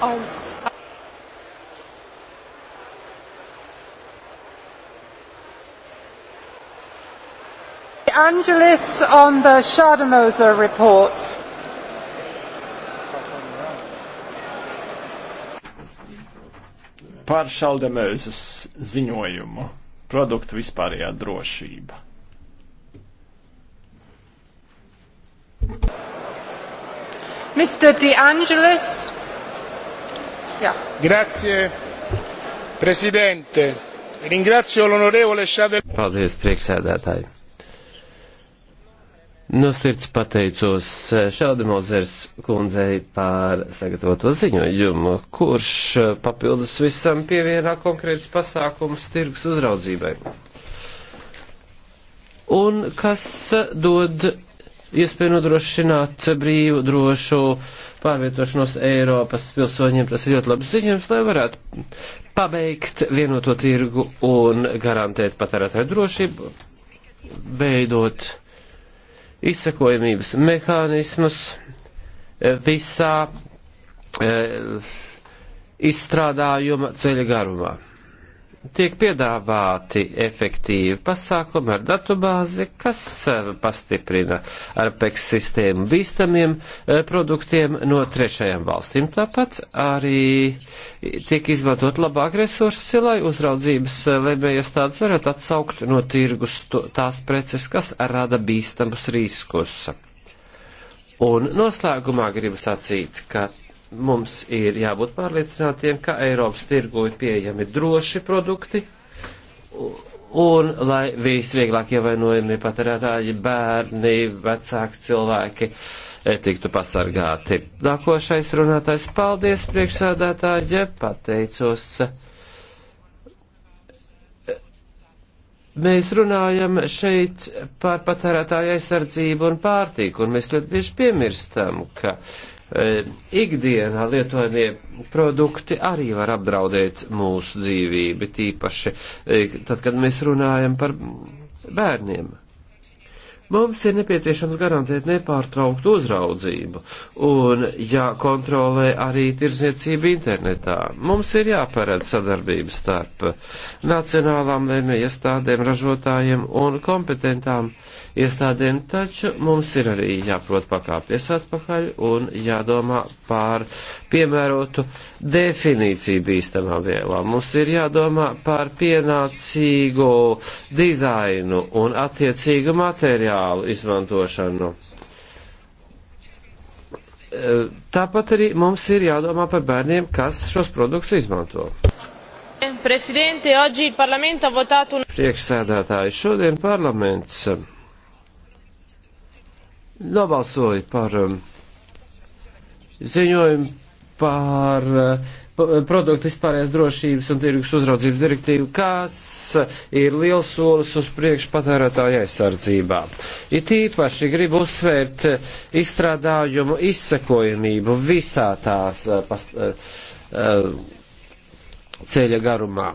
on oh. Angelis on the Schademoser report. Par Šaldemēzes ziņojumu produktu vispārējā drošība. Mr. De Angelis. Grazie, prezidente. Ringrazio l'onorevole Šadel. Paldies, priekšsēdētāji. No sirds pateicos eh, Šaldemozers kundzei par sagatavoto ziņojumu, kurš eh, papildus visam pievienā konkrēts pasākums tirgus uzraudzībai. Un kas eh, dod iespēju nodrošināt brīvu, drošu pārvietošanos Eiropas pilsoņiem. Tas ir ļoti labs ziņojums, lai varētu pabeigt vienoto tirgu un garantēt patērētāju drošību, veidot izsekojamības mehānismus visā e, izstrādājuma ceļa garumā tiek piedāvāti efektīvi pasākumi ar datubāzi, kas eh, pastiprina ar PEX sistēmu bīstamiem eh, produktiem no trešajām valstīm. Tāpat arī tiek izmantot labāk resursi, lai uzraudzības eh, lēmējas tāds varētu atsaukt no tirgus tās preces, kas rada bīstamus riskus. Un noslēgumā gribu sacīt, ka mums ir jābūt pārliecinātiem, ka Eiropas tirgu ir pieejami droši produkti un lai visvieglāk ievainojami patērētāji, bērni, vecāki cilvēki e, tiktu pasargāti. Nākošais runātājs, paldies priekšsēdētāji, pateicos. Mēs runājam šeit par patērētāju aizsardzību un pārtīku, un mēs ļoti bieži piemirstam, ka uh, Eh, ikdienā lietojamie produkti arī var apdraudēt mūsu dzīvību, tīpaši eh, tad, kad mēs runājam par bērniem. Mums ir nepieciešams garantēt nepārtrauktu uzraudzību un jākontrolē arī tirzniecība internetā. Mums ir jāparedz sadarbība starp nacionālām lēmē iestādēm, ražotājiem un kompetentām iestādēm, taču mums ir arī jāprot pakāpties atpakaļ un jādomā pār piemērotu definīciju bīstamām vielām. Mums ir jādomā pār pienācīgu dizainu un attiecīgu materiālu potenciālu izmantošanu. E, tāpat arī mums ir jādomā par bērniem, kas šos produktus izmanto. Priekšsēdētāji, šodien parlaments e, nobalsoja par e, ziņojumu par uh, produktu vispārējās drošības un tirgus uzraudzības direktīvu, kas ir liels solis uz priekšu patērētāju aizsardzībā. It īpaši gribu uzsvērt izstrādājumu izsekojamību visā tās eh, past, eh, eh, ceļa garumā.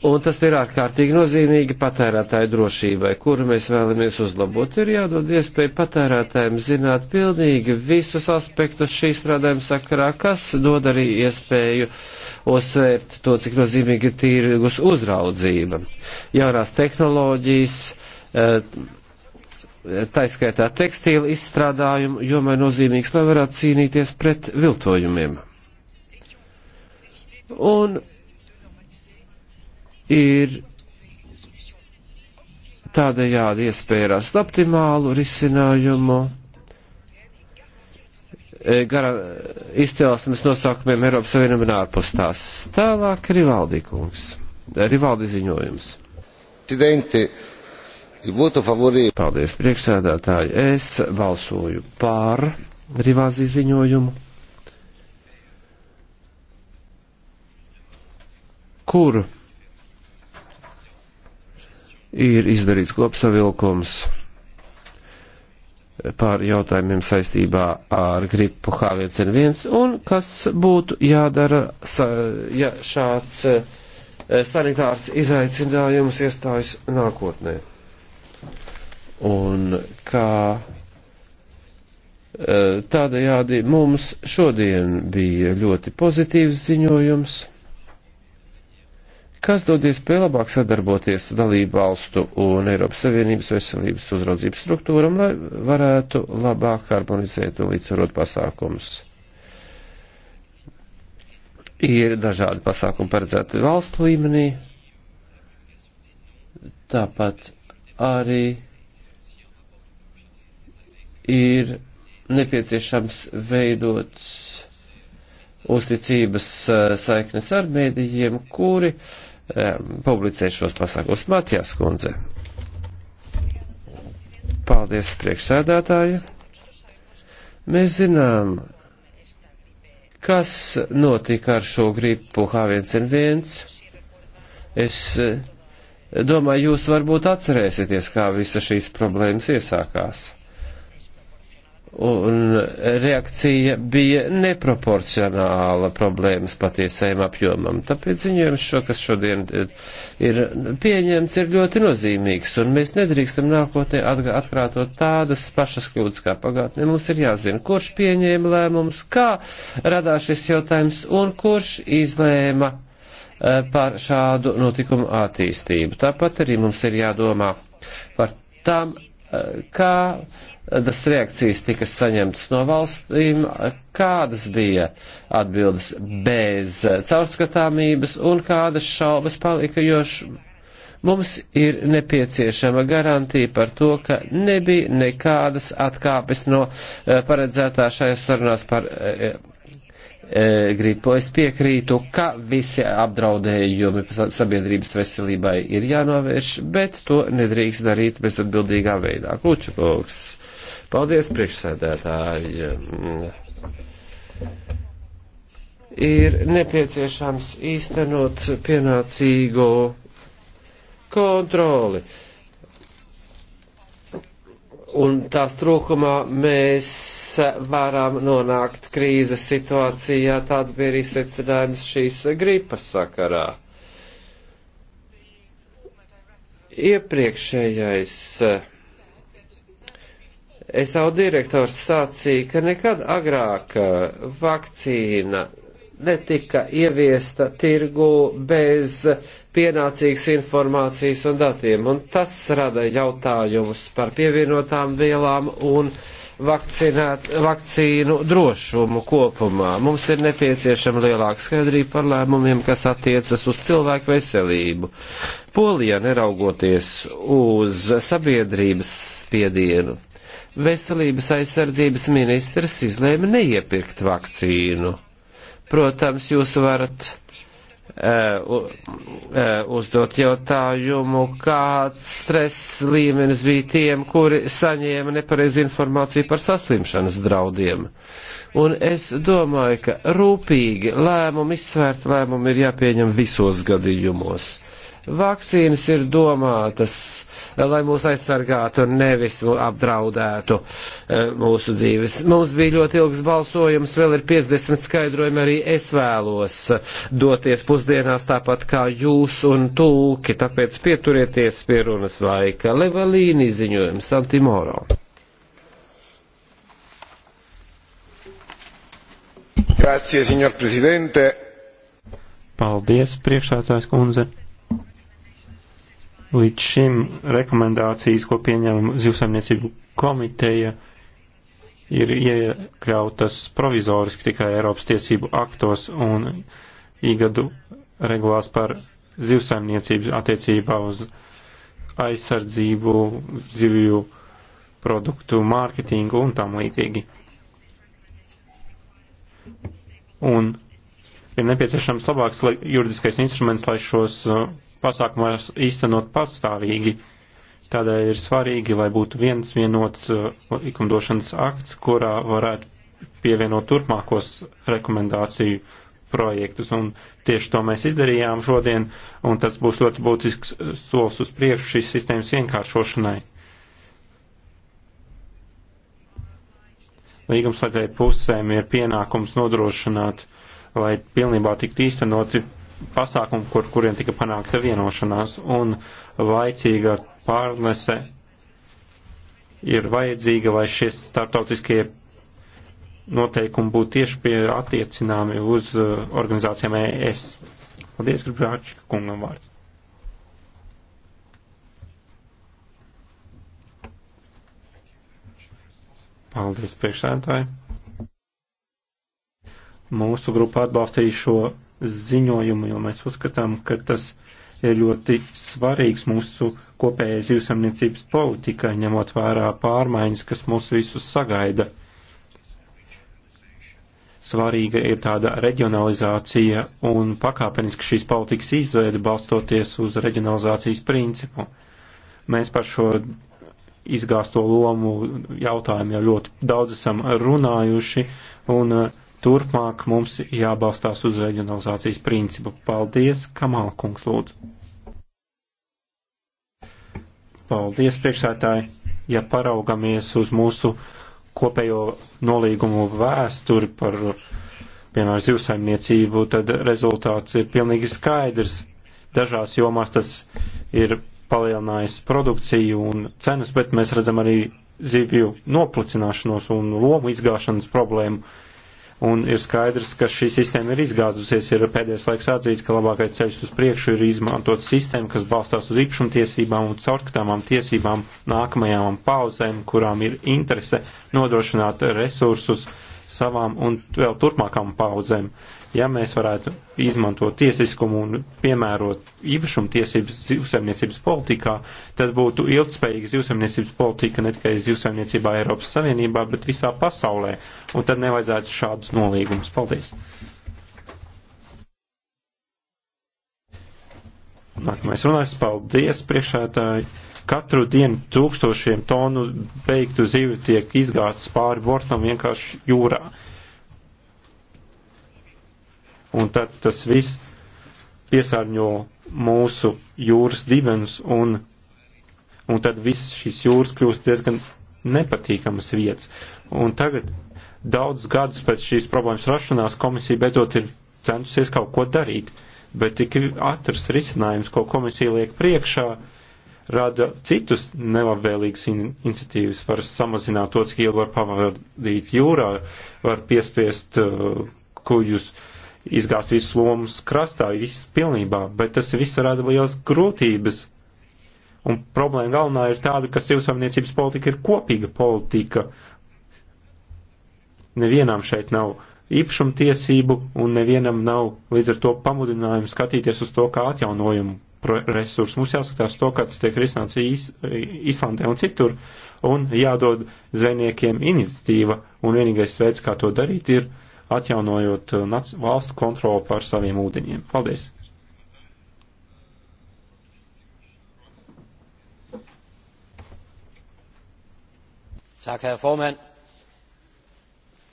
Un tas ir ārkārtīgi nozīmīgi patērētāju drošībai, kuru mēs vēlamies uzlabot. Ir jādod iespēju patērētājiem zināt pilnīgi visus aspektus šī strādājuma sakarā, kas dod arī iespēju osvērt to, cik nozīmīgi ir tīrgus uzraudzība. Jaunās tehnoloģijas, eh, taiskaitā tekstīla izstrādājumu, jomai nozīmīgs, lai varētu cīnīties pret viltojumiem. Un ir tādējādi iespēja rast optimālu risinājumu e, gara izcelsmes nosaukumiem Eiropas Savienība un ārpus tās. Tālāk Rivaldī kungs. Rivaldi ziņojums. Presidente, il voto favorevole. Paldies, priekšsēdētāji. Es balsoju pār Rivāzi ziņojumu. Kur ir izdarīts kopsavilkums pār jautājumiem saistībā ar gripu H1N1 un kas būtu jādara, ja šāds eh, sanitārs izaicinājums iestājas nākotnē. Un kā eh, tādējādi mums šodien bija ļoti pozitīvs ziņojums kas dod iespēju labāk sadarboties dalību valstu un Eiropas Savienības veselības uzraudzības struktūram, lai varētu labāk harmonizēt un līdzsvarot pasākumus. Ir dažādi pasākumi paredzēti valstu līmenī, tāpat arī ir nepieciešams veidot uzticības eh, saiknes ar mēdījiem, kuri uh, Eh, publicēt šos pasākumus. Matijas kundze. Paldies, priekšsēdētāji. Mēs zinām, kas notika ar šo gripu H1N1. Es eh, domāju, jūs varbūt atcerēsieties, kā visa šīs problēmas iesākās un reakcija bija neproporcionāla problēmas patiesajam apjomam. Tāpēc ziņojums, šo, kas šodien ir pieņemts, ir ļoti nozīmīgs, un mēs nedrīkstam nākotnē atkrātot tādas pašas kļūdas kā pagātnē. Mums ir jāzina, kurš pieņēma lēmumus, kā radās šis jautājums, un kurš izlēma eh, par šādu notikumu attīstību. Tāpat arī mums ir jādomā par tām, eh, kā kādas reakcijas tika saņemtas no valstīm, kādas bija atbildes bez caurskatāmības un kādas šaubas palika, jo mums ir nepieciešama garantija par to, ka nebija nekādas atkāpes no eh, paredzētā šajās sarunās par eh, eh, gribu. Es piekrītu, ka visi apdraudējumi sabiedrības veselībai ir jānovērš, bet to nedrīkst darīt bezatbildīgā veidā. Klučakovs. Paldies, priekšsēdētāji. Ir nepieciešams īstenot pienācīgo kontroli. Un tās trūkumā mēs varam nonākt krīzes situācijā, tāds bija arī secinājums šīs gripas sakarā. Iepriekšējais uh, SAU direktors sacīja, ka nekad agrāk eh, vakcīna netika ieviesta tirgu bez pienācīgas informācijas un datiem, un tas rada jautājumus par pievienotām vielām un vakcinēt, vakcīnu drošumu kopumā. Mums ir nepieciešama lielāka skaidrība par lēmumiem, kas attiecas uz cilvēku veselību. Polija neraugoties uz sabiedrības spiedienu veselības aizsardzības ministrs izlēma neiepirkt vakcīnu. Protams, jūs varat Uh, uh, uzdot jautājumu, kāds stress līmenis bija tiem, kuri saņēma nepareizi informāciju par saslimšanas draudiem. Un es domāju, ka rūpīgi lēmumu, izsvērt lēmumu ir jāpieņem visos gadījumos. Vakcīnas ir domātas, lai mūs aizsargātu un nevis apdraudētu eh, mūsu dzīves. Mums bija ļoti ilgs balsojums, vēl ir 50 skaidrojumi, arī es vēlos doties pusdienās tāpat kā jūs un tūki, tāpēc pieturieties pie runas laika. Levalīni ziņojums, Antimoro. Grazie, signor Presidente. Paldies, priekšsētājs kundze. Līdz šim rekomendācijas, ko pieņem zivsaimniecību komiteja, ir iekļautas provizoriski tikai Eiropas tiesību aktos un īgadu regulās par zivsaimniecības attiecībā uz aizsardzību, zivju produktu mārketingu un tam līdzīgi. Un ir nepieciešams labāks juridiskais instruments, lai šos pasākumu var īstenot pastāvīgi. Tādēļ ir svarīgi, lai būtu viens vienots uh, likumdošanas akts, kurā varētu pievienot turpmākos rekomendāciju projektus. Un tieši to mēs izdarījām šodien, un tas būs ļoti būtisks uh, solis uz priekšu šīs sistēmas vienkāršošanai. Līgumslēdzēju pusēm ir pienākums nodrošināt, lai pilnībā tiktu īstenoti pasākumu, kur, kuriem tika panākta vienošanās, un laicīga pārnese ir vajadzīga, lai šie startautiskie noteikumi būtu tieši pie attiecināmi uz uh, organizācijām ES. Paldies, Gribāčika kungam vārds. Paldies, priekšsēdētāji. Mūsu grupa atbalstīja šo ziņojumu, jo mēs uzskatām, ka tas ir ļoti svarīgs mūsu kopējai zivsamniecības politikai, ņemot vērā pārmaiņas, kas mūs visus sagaida. Svarīga ir tāda reģionalizācija un pakāpeniski šīs politikas izveida balstoties uz reģionalizācijas principu. Mēs par šo izgāsto lomu jautājumu jau ļoti daudz esam runājuši, un uh, Turpmāk mums jābalstās uz reģionalizācijas principu. Paldies, Kamāla kungs, lūdzu. Paldies, priekšsētāji. Ja paraugamies uz mūsu kopējo nolīgumu vēsturi par, piemēram, zivsaimniecību, tad rezultāts ir pilnīgi skaidrs. Dažās jomās tas ir palielinājis produkciju un cenas, bet mēs redzam arī zivju noplicināšanos un lomu izgāšanas problēmu un ir skaidrs, ka šī sistēma ir izgāzusies, ir pēdējais laiks atzīt, ka labākais ceļš uz priekšu ir izmantot sistēmu, kas balstās uz īpašumtiesībām un caurskatāmām tiesībām nākamajām pauzēm, kurām ir interese nodrošināt resursus savām un vēl turpmākām paudzēm. Ja mēs varētu izmantot tiesiskumu un piemērot īpašumu tiesības zivsaimniecības politikā, tad būtu ilgspējīga zivsaimniecības politika ne tikai zivsaimniecībā Eiropas Savienībā, bet visā pasaulē, un tad nevajadzētu šādus nolīgumus. Paldies! Nākamais runājums, paldies priekšētāji. Katru dienu tūkstošiem tonu beigtu zivi tiek izgāstas pāri bortam vienkārši jūrā un tad tas viss piesārņo mūsu jūras dibenus, un, un tad viss šīs jūras kļūst diezgan nepatīkamas vietas. Un tagad, daudz gadus pēc šīs problēmas rašanās, komisija beidzot ir centusies kaut ko darīt, bet tik atras risinājums, ko komisija liek priekšā, rada citus nelabvēlīgas in iniciatīvas, var samazināt to, cik ilgi var pavadīt jūrā, var piespiest uh, kuģus uh, izgāzt visus lomus krastā, viss pilnībā, bet tas viss rada lielas grūtības. Un problēma galvenā ir tāda, ka sivsaimniecības politika ir kopīga politika. Nevienam šeit nav īpašumtiesību un nevienam nav līdz ar to pamudinājumu skatīties uz to kā atjaunojumu resursu. Mums jāskatās to, kā tas tiek risināts Is Islandē un citur, un jādod zvejniekiem iniciatīva, un vienīgais veids, kā to darīt, ir atjaunojot uh, valstu kontroli pār saviem ūdeņiem. Paldies! Tak, herr formand.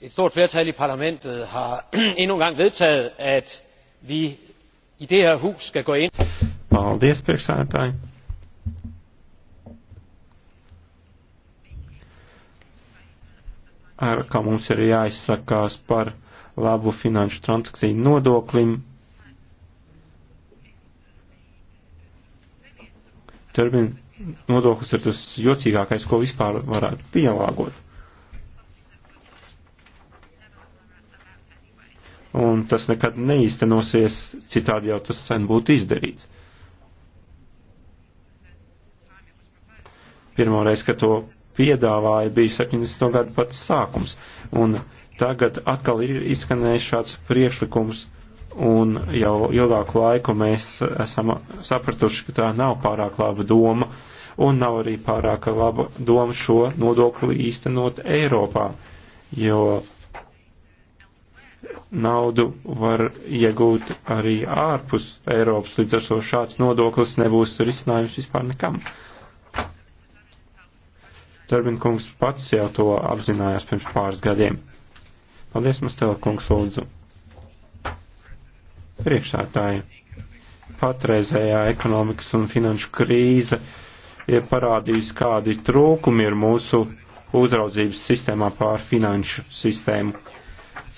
Et stort flertal i parlamentet har endnu en gang vedtaget, at vi i det her hus skal gå ind. Paldies, priekšsēdētāji. Ar kā mums ir jāizsakās par labu finanšu transakciju nodoklim. Turbin nodoklis ir tas jocīgākais, ko vispār varētu pielāgot. Un tas nekad neīstenosies, citādi jau tas sen būtu izdarīts. Pirmoreiz, kad to piedāvāja, bija 70. gadu pats sākums. Un Tagad atkal ir izskanējis šāds priekšlikums, un jau ilgāku laiku mēs esam sapratuši, ka tā nav pārāk laba doma, un nav arī pārāk laba doma šo nodokli īstenot Eiropā, jo naudu var iegūt arī ārpus Eiropas, līdz ar to šāds nodoklis nebūs risinājums vispār nekam. Turbinkungs pats jau to apzinājās pirms pāris gadiem. Paldies, Mastela kungs, lūdzu. Priekšētāji, patreizējā ekonomikas un finanšu krīze ir parādījusi, kādi trūkumi ir mūsu uzraudzības sistēmā pār finanšu sistēmu.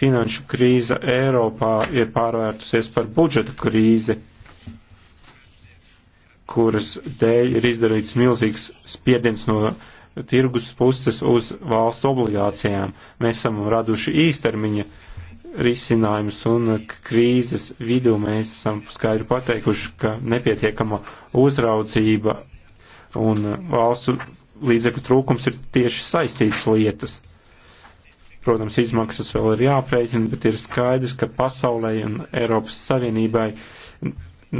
Finanšu krīze Eiropā ir pārvērtusies par budžeta krīzi, kuras dēļ ir izdarīts milzīgs spiediens no tirgus puses uz valsts obligācijām. Mēs esam raduši īstermiņa risinājumus un krīzes vidū mēs esam skaidri pateikuši, ka nepietiekama uzraudzība un valstu līdzekļu trūkums ir tieši saistītas lietas. Protams, izmaksas vēl ir jāprēķina, bet ir skaidrs, ka pasaulē un Eiropas Savienībai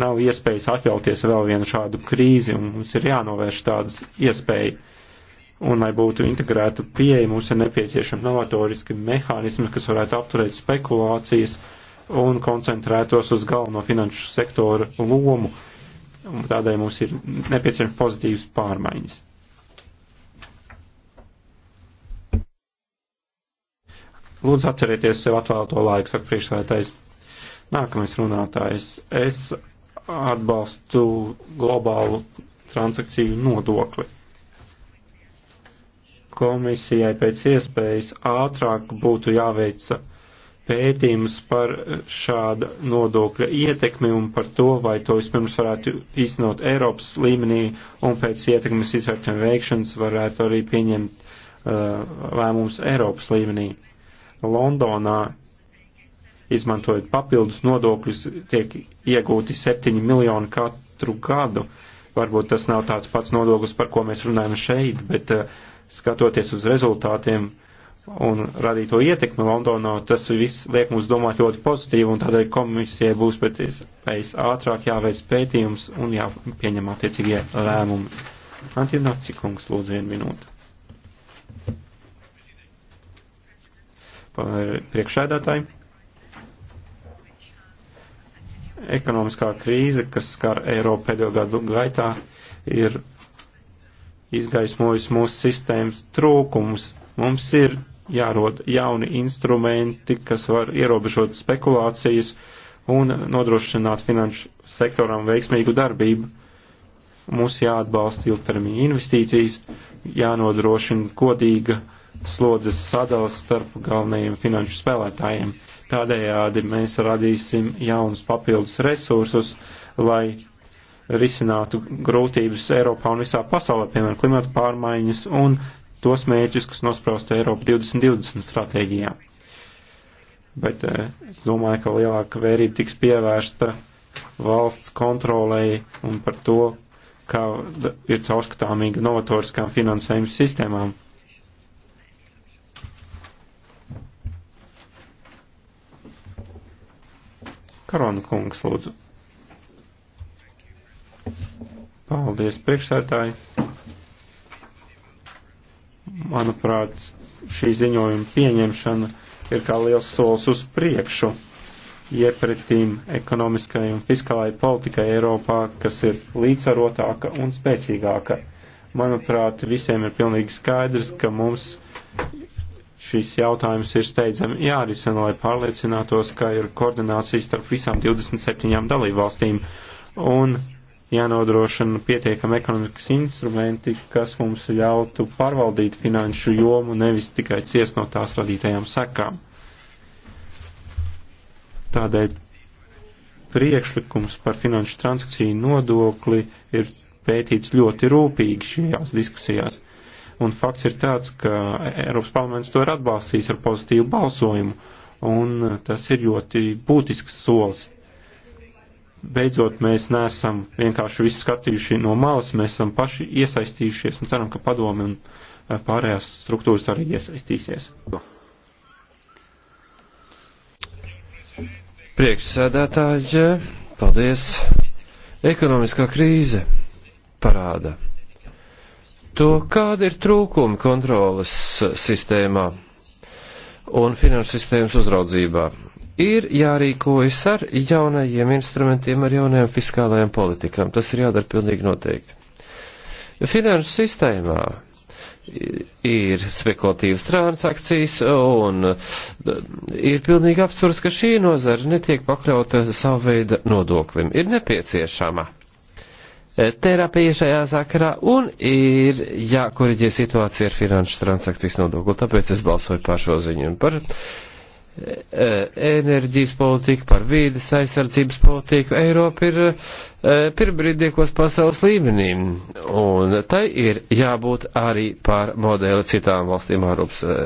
nav iespējas atļauties vēl vienu šādu krīzi, un mums ir jānovērš tādas iespējas un lai būtu integrēta pieeja, mums ir nepieciešami novatoriski mehānismi, kas varētu apturēt spekulācijas un koncentrētos uz galveno finanšu sektoru lomu. Un tādēļ mums ir nepieciešams pozitīvas pārmaiņas. Lūdzu atcerieties sev atvēlto laiku, saka priekšsētais. Nākamais runātājs. Es atbalstu globālu transakciju nodokli komisijai pēc iespējas ātrāk būtu jāveic pētījums par šāda nodokļa ietekmi un par to, vai to vispirms varētu īstenot Eiropas līmenī un pēc ietekmes izvērtējuma veikšanas varētu arī pieņemt uh, lēmums Eiropas līmenī. Londonā, izmantojot papildus nodokļus, tiek iegūti 7 miljoni katru gadu. Varbūt tas nav tāds pats nodoklis, par ko mēs runājam šeit, bet uh, skatoties uz rezultātiem un radīto ietekmi Londonā, tas viss liek mums domāt ļoti pozitīvi, un tādēļ komisijai būs pēc iespējas ātrāk jāveic pētījums un jāpieņem attiecīgie lēmumi. Antinakci kungs, lūdzu, vienu minūtu. Priekšēdētāji. Ekonomiskā krīze, kas skar Eiropu pēdējo gadu gaitā, ir izgaismojis mūsu sistēmas trūkumus. Mums ir jārod jauni instrumenti, kas var ierobežot spekulācijas un nodrošināt finanšu sektoram veiksmīgu darbību. Mums jāatbalsta ilgtermiņa investīcijas, jānodrošina godīga slodzes sadals starp galvenajiem finanšu spēlētājiem. Tādējādi mēs radīsim jaunus papildus resursus, lai risinātu grūtības Eiropā un visā pasaulē, piemēram, klimata pārmaiņas un tos mērķus, kas nosprausta Eiropa 2020 stratēģijā. Bet eh, es domāju, ka lielāka vērība tiks pievērsta valsts kontrolēji un par to, kā ir caurskatāmīga novatoriskām finansējuma sistēmām. Karona kungs, lūdzu. Paldies, priekšsētāji. Manuprāt, šī ziņojuma pieņemšana ir kā liels solis uz priekšu iepretīm ekonomiskai un fiskālai politikai Eiropā, kas ir līdzsvarotāka un spēcīgāka. Manuprāt, visiem ir pilnīgi skaidrs, ka mums šīs jautājums ir steidzami jārisina, lai pārliecinātos, ka ir koordinācija starp visām 27 dalībvalstīm. Un jānodrošina pietiekami ekonomikas instrumenti, kas mums ļautu pārvaldīt finanšu jomu, nevis tikai ciest no tās radītajām sekām. Tādēļ priekšlikums par finanšu transakciju nodokli ir pētīts ļoti rūpīgi šajās diskusijās. Un fakts ir tāds, ka Eiropas parlaments to ir atbalstījis ar pozitīvu balsojumu, un tas ir ļoti būtisks solis beidzot mēs neesam vienkārši visu skatījuši no malas, mēs esam paši iesaistījušies un ceram, ka padomi un eh, pārējās struktūras arī iesaistīsies. Priekšsēdētāji, paldies! Ekonomiskā krīze parāda to, kāda ir trūkumi kontrolas sistēmā un finanšu sistēmas uzraudzībā ir jārīkojas ar jaunajiem instrumentiem, ar jaunajām fiskālajām politikām. Tas ir jādara pilnīgi noteikti. Finanšu sistēmā ir spekulatīvas transakcijas un eh, ir pilnīgi absurds, ka šī nozara netiek pakļauta savu veidu nodoklim. Ir nepieciešama eh, terapija šajā sakarā un ir jākoriģē situācija ar finanšu transakcijas nodokli. Tāpēc es balsoju par šo ziņu un par E, enerģijas politiku, par vīdes aizsardzības politiku. Eiropa ir e, pirmbrīdniekos pasaules līmenī, un tai ir jābūt arī par modeli citām valstīm Eiropas, e,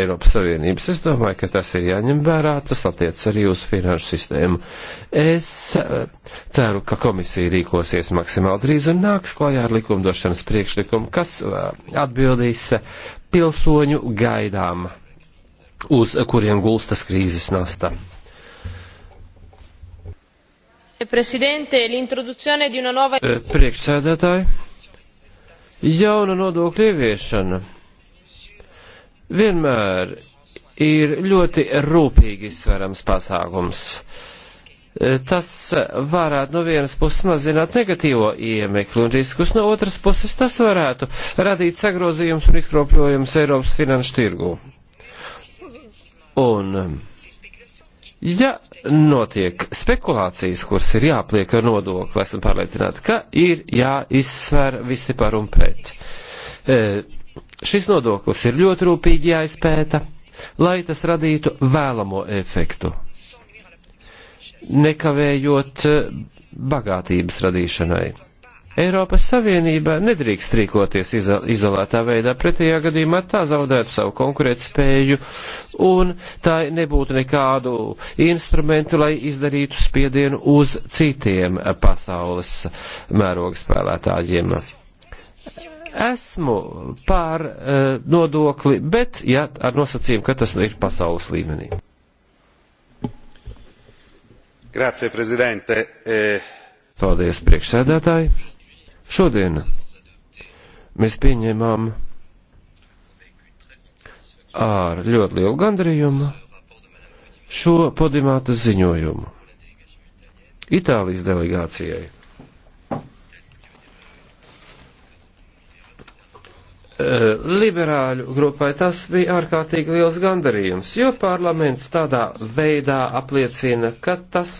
Eiropas Savienības. Es domāju, ka tas ir jāņem vērā, tas attiec arī uz finanšu sistēmu. Es ceru, ka komisija rīkosies maksimāli drīz un nāks klajā ar likumdošanas priekšlikumu, kas atbildīs pilsoņu gaidām uz kuriem gulstas krīzes nasta. Nova... Eh, priekšsēdētāji, jauna nodokļa ieviešana vienmēr ir ļoti rūpīgi izsverams pasākums. Eh, tas varētu no vienas puses mazināt negatīvo iemekli un riskus, no otras puses tas varētu radīt sagrozījums un izkropļojums Eiropas finanšu tirgū. Un, um, ja notiek spekulācijas, kuras ir jāpliek ar nodokli, esam pārliecināti, ka ir jāizsver visi par un pret. E, šis nodoklis ir ļoti rūpīgi jāizpēta, lai tas radītu vēlamo efektu, nekavējot e, bagātības radīšanai. Eiropas Savienība nedrīkst rīkoties izolētā veidā, pretējā gadījumā tā zaudētu savu konkurētspēju un tā nebūtu nekādu instrumentu, lai izdarītu spiedienu uz citiem pasaules mēroga spēlētājiem. Esmu pār uh, nodokli, bet ja, ar nosacījumu, ka tas ir pasaules līmenī. Grazie, prezidente. E... Eh, Paldies, priekšsēdētāji. Šodien mēs pieņēmām ar ļoti lielu gandarījumu šo podimāta ziņojumu Itālijas delegācijai. Eh, liberāļu grupai tas bija ārkārtīgi liels gandarījums, jo parlaments tādā veidā apliecina, ka tas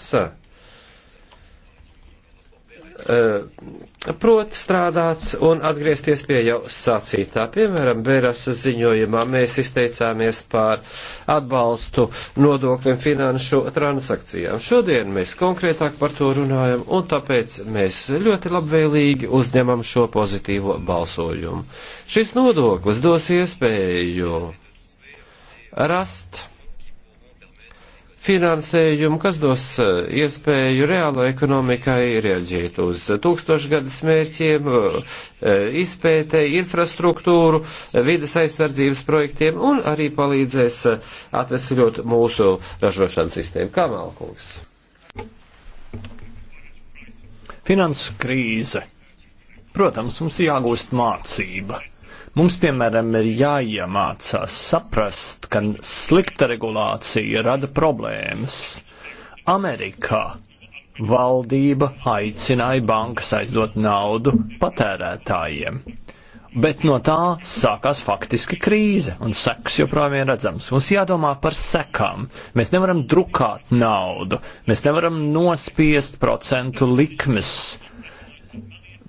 Eh, prot strādāt un atgriezties pie jau sacītā. Piemēram, Bērasa ziņojumā mēs izteicāmies pār atbalstu nodokļiem finanšu transakcijām. Šodien mēs konkrētāk par to runājam un tāpēc mēs ļoti labvēlīgi uzņemam šo pozitīvo balsojumu. Šis nodoklis dos iespēju rast finansējumu, kas dos eh, iespēju reālo ekonomikai rieģēt uz tūkstošgadas mērķiem, eh, izpētē, infrastruktūru, eh, vides aizsardzības projektiem un arī palīdzēs atvesļot mūsu ražošanas sistēmu. Kā Malkungs? Finanses krīze. Protams, mums jāgūst mācība Mums, piemēram, ir jāiemācās saprast, ka slikta regulācija rada problēmas. Amerikā valdība aicināja bankas aizdot naudu patērētājiem. Bet no tā sākās faktiski krīze, un sekas joprojām ir redzams. Mums jādomā par sekām. Mēs nevaram drukāt naudu, mēs nevaram nospiest procentu likmes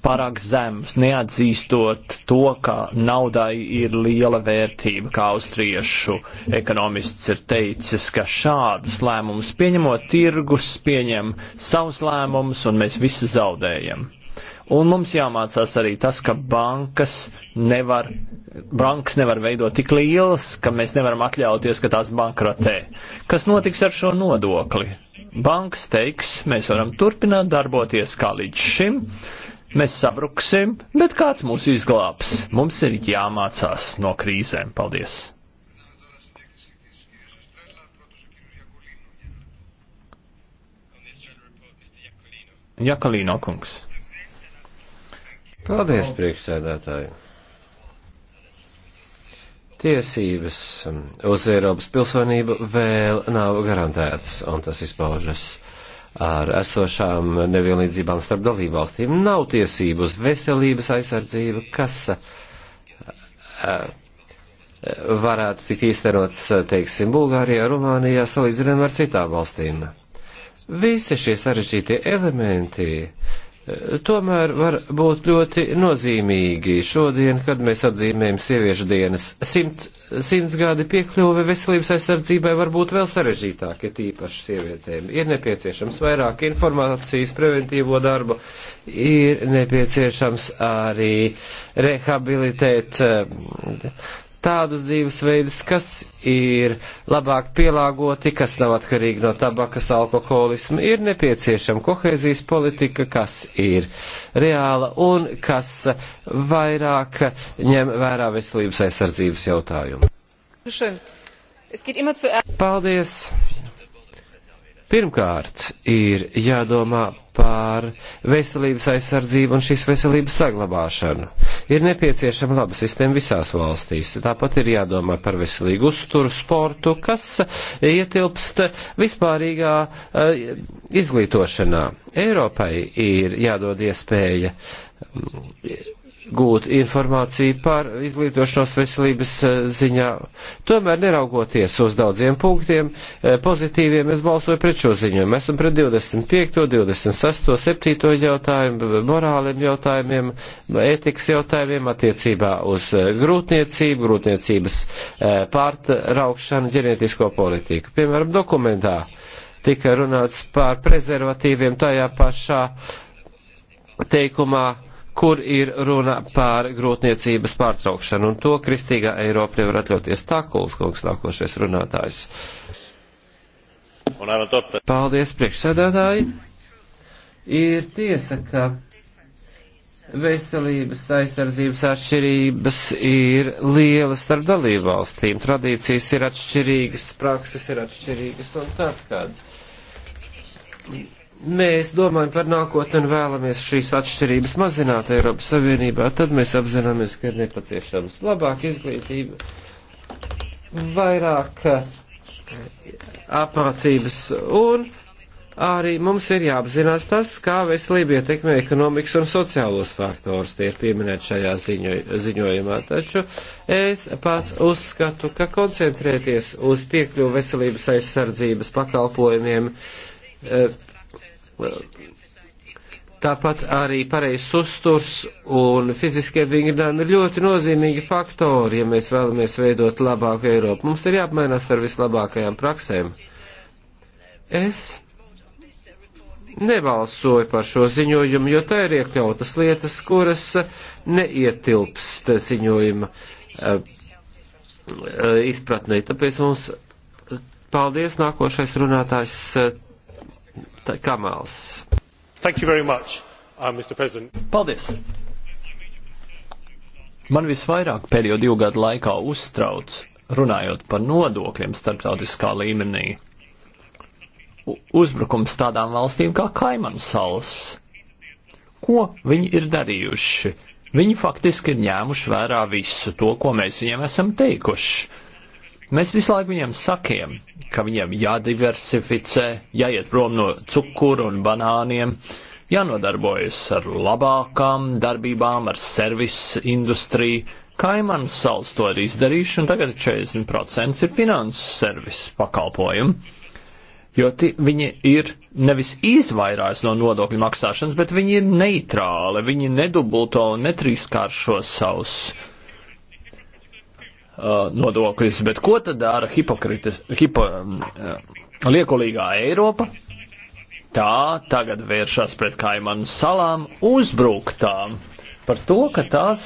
pārāk zems, neatzīstot to, ka naudai ir liela vērtība, kā austriešu ekonomists ir teicis, ka šādus lēmumus pieņemot tirgus, pieņem savus lēmumus un mēs visi zaudējam. Un mums jāmācās arī tas, ka bankas nevar, bankas nevar veidot tik lielas, ka mēs nevaram atļauties, ka tās bankrotē. Kas notiks ar šo nodokli? Bankas teiks, mēs varam turpināt darboties kā līdz šim, Mēs sabruksim, bet kāds mūs izglābs? Mums ir jāmācās no krīzēm. Paldies! Jakalīno kungs. Paldies, priekšsēdētāji. Tiesības um, uz Eiropas pilsonību vēl nav garantētas, un tas izpaužas ar esošām nevienlīdzībām starp dalībvalstīm. Nav tiesību uz veselības aizsardzību, kas eh, eh, varētu tikt īstenots, eh, teiksim, Bulgārijā, Rumānijā, salīdzinām ar citām valstīm. Visi šie sarežģītie elementi tomēr var būt ļoti nozīmīgi. Šodien, kad mēs atzīmējam sieviešu dienas, simt, simts gadi piekļuve veselības aizsardzībai var būt vēl sarežģītāk, ja tīpaši sievietēm. Ir nepieciešams vairāk informācijas, preventīvo darbu, ir nepieciešams arī rehabilitēt tādus dzīvesveidus, kas ir labāk pielāgoti, kas nav atkarīgi no tabakas alkoholismu, ir nepieciešama kohēzijas politika, kas ir reāla un kas vairāk ņem vērā veselības aizsardzības jautājumu. Paldies! Pirmkārt, ir jādomā pār veselības aizsardzību un šīs veselības saglabāšanu. Ir nepieciešama laba sistēma visās valstīs. Tāpat ir jādomā par veselīgu uzturu, sportu, kas ietilpst vispārīgā eh, izglītošanā. Eiropai ir jādod iespēja mm, gūt informāciju par izglītošanos veselības eh, ziņā. Tomēr, neraugoties uz daudziem punktiem, eh, pozitīviem, es balsoju pret šo ziņojumu. Esmu pret 25., 26., 7. jautājumu, morāliem jautājumiem, ētikas jautājumiem attiecībā uz eh, grūtniecību, grūtniecības pārtraukšanu, ģenētisko politiku. Piemēram, dokumentā tika runāts par prezervatīviem tajā pašā teikumā, kur ir runa pār grūtniecības pārtraukšanu, un to kristīgā Eiropa nevar atļauties. Tā Kulskungs nākošais runātājs. Paldies, priekšsēdētāji. Ir tiesa, ka veselības aizsardzības atšķirības ir lielas starp dalībvalstīm. Tradīcijas ir atšķirīgas, prakses ir atšķirīgas, un tad, kad mēs domājam par nākotni un vēlamies šīs atšķirības mazināt Eiropas Savienībā, tad mēs apzināmies, ka ir nepieciešams labāk izglītība, vairāk eh, apmācības un arī mums ir jāapzinās tas, kā veselība ietekmē ekonomikas un sociālos faktorus, tie ir pieminēti šajā ziņo, ziņojumā. Taču es pats uzskatu, ka koncentrēties uz piekļuvu veselības aizsardzības pakalpojumiem, eh, Tāpat arī pareizs uzturs un fiziskie vingrinājumi ir ļoti nozīmīgi faktori, ja mēs vēlamies veidot labāku Eiropu. Mums ir jāapmainās ar vislabākajām praksēm. Es nebalsoju par šo ziņojumu, jo tā ir iekļautas lietas, kuras neietilpst ziņojuma eh, eh, izpratnē. Tāpēc mums paldies nākošais runātājs eh, Kamals. Thank you very much, uh, Mr. President. Paldies. Man visvairāk pēdējo divu gadu laikā uztrauc, runājot par nodokļiem starptautiskā līmenī, uzbrukums tādām valstīm kā Kaimanu salas. Ko viņi ir darījuši? Viņi faktiski ir ņēmuši vērā visu to, ko mēs viņiem esam teikuši Mēs visu laiku viņiem sakiem, ka viņiem jādiversificē, jāiet prom no cukuru un banāniem, jānodarbojas ar labākām darbībām, ar servisu industriju. Kaimanu sals to ir izdarījuši, un tagad 40% ir finanses servis pakalpojumi. Jo ti, viņi ir nevis izvairās no nodokļu maksāšanas, bet viņi ir neitrāli, viņi nedubulto un netrīskāršo savus uh, Uh, nodokļus, bet ko tad dara hipokritis, hipo, um, uh, liekolīgā Eiropa? Tā tagad vēršas pret kaimanu salām uzbruktām par to, ka tās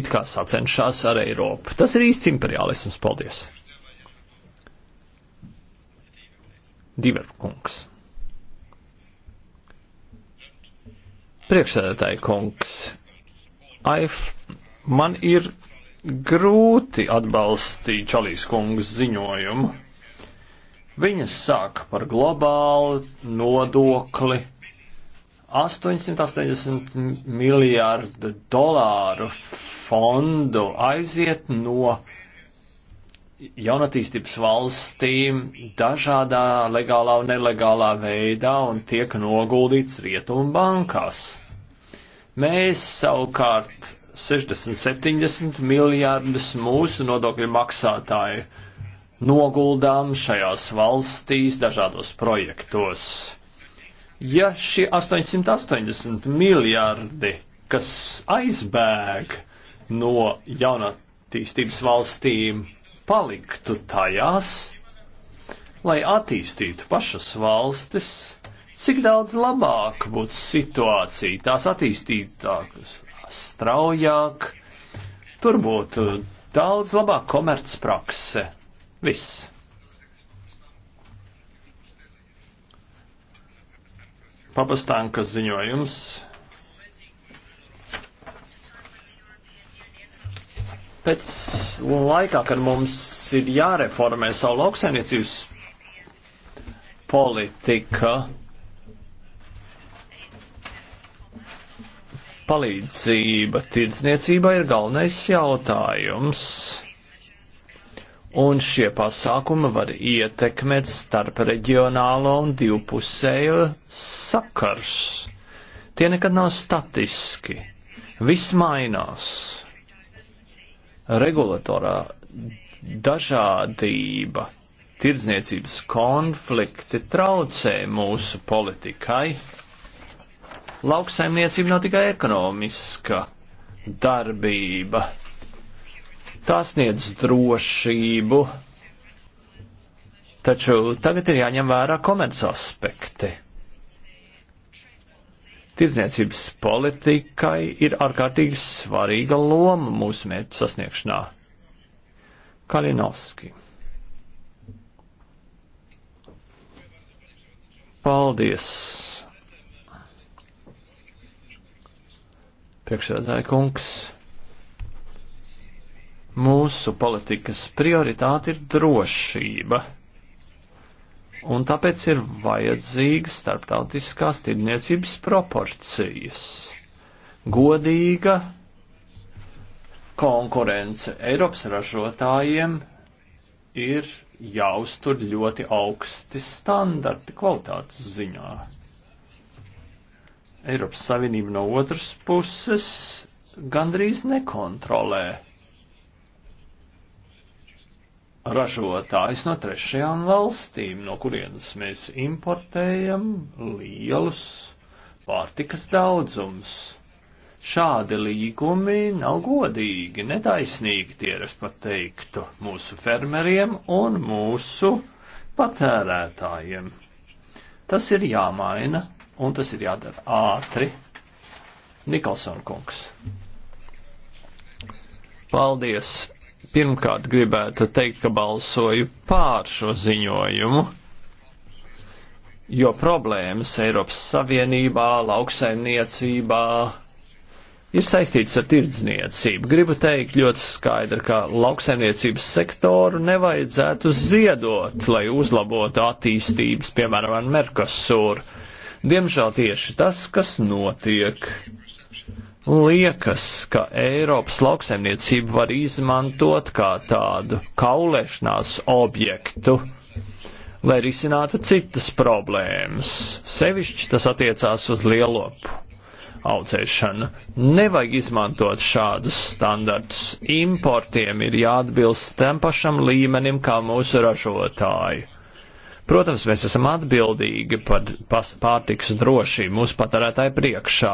it kā sacenšas ar Eiropu. Tas ir īsts imperialisms. Paldies! Diver kungs. Priekšsēdētāji kungs. Aif, man ir grūti atbalstīt Čalīs kungas ziņojumu. Viņas sāk par globālu nodokli 880 miljārdu dolāru fondu aiziet no jaunatīstības valstīm dažādā legālā un nelegālā veidā un tiek noguldīts rietumu bankās. Mēs savukārt 60, 70 miljārdus mūsu nodokļu maksātāju noguldām šajās valstīs dažādos projektos. Ja šie 880 miljārdi, kas aizbēg no jaunatīstības valstīm, paliktu tajās, lai attīstītu pašas valstis, cik daudz labāk būtu situācija, tās attīstītākas straujāk. Tur būtu daudz labāk komercprakse. Viss. Papastankas ziņojums. Pēc laikā, kad mums ir jāreformē savu lauksainiecības politika, palīdzība tirdzniecībai ir galvenais jautājums. Un šie pasākumi var ietekmēt starp reģionālo un divpusējo sakars. Tie nekad nav statiski. Viss mainās. Regulatorā dažādība, tirdzniecības konflikti traucē mūsu politikai lauksaimniecība nav tikai ekonomiska darbība. Tā sniedz drošību, taču tagad ir jāņem vērā komerc aspekti. Tirdzniecības politikai ir ārkārtīgi svarīga loma mūsu mērķu sasniegšanā. Kalinovski. Paldies! priekšsēdētāja kungs. Mūsu politikas prioritāte ir drošība, un tāpēc ir vajadzīgas starptautiskās tirniecības proporcijas, godīga konkurence Eiropas ražotājiem ir jāuztur ļoti augsti standarti kvalitātes ziņā. Eiropas Savienība no otras puses gandrīz nekontrolē ražotājs no trešajām valstīm, no kurienes mēs importējam lielus pārtikas daudzums. Šādi līgumi nav godīgi, netaisnīgi tie ir, es pat teiktu, mūsu fermeriem un mūsu patērētājiem. Tas ir jāmaina un tas ir jādara ātri. Nikolson kungs. Paldies! Pirmkārt gribētu teikt, ka balsoju pār šo ziņojumu, jo problēmas Eiropas Savienībā, lauksaimniecībā ir saistīts ar tirdzniecību. Gribu teikt ļoti skaidri, ka lauksaimniecības sektoru nevajadzētu ziedot, lai uzlabotu attīstības, piemēram, ar Merkosūru Diemžēl tieši tas, kas notiek, liekas, ka Eiropas lauksaimniecību var izmantot kā tādu kaulēšanās objektu, lai risinātu citas problēmas. Sevišķi tas attiecās uz lielopu audzēšanu. Nevajag izmantot šādus standartus. Importiem ir jāatbilst tam pašam līmenim kā mūsu ražotāji. Protams, mēs esam atbildīgi par pārtiks drošību mūsu patērētāju priekšā.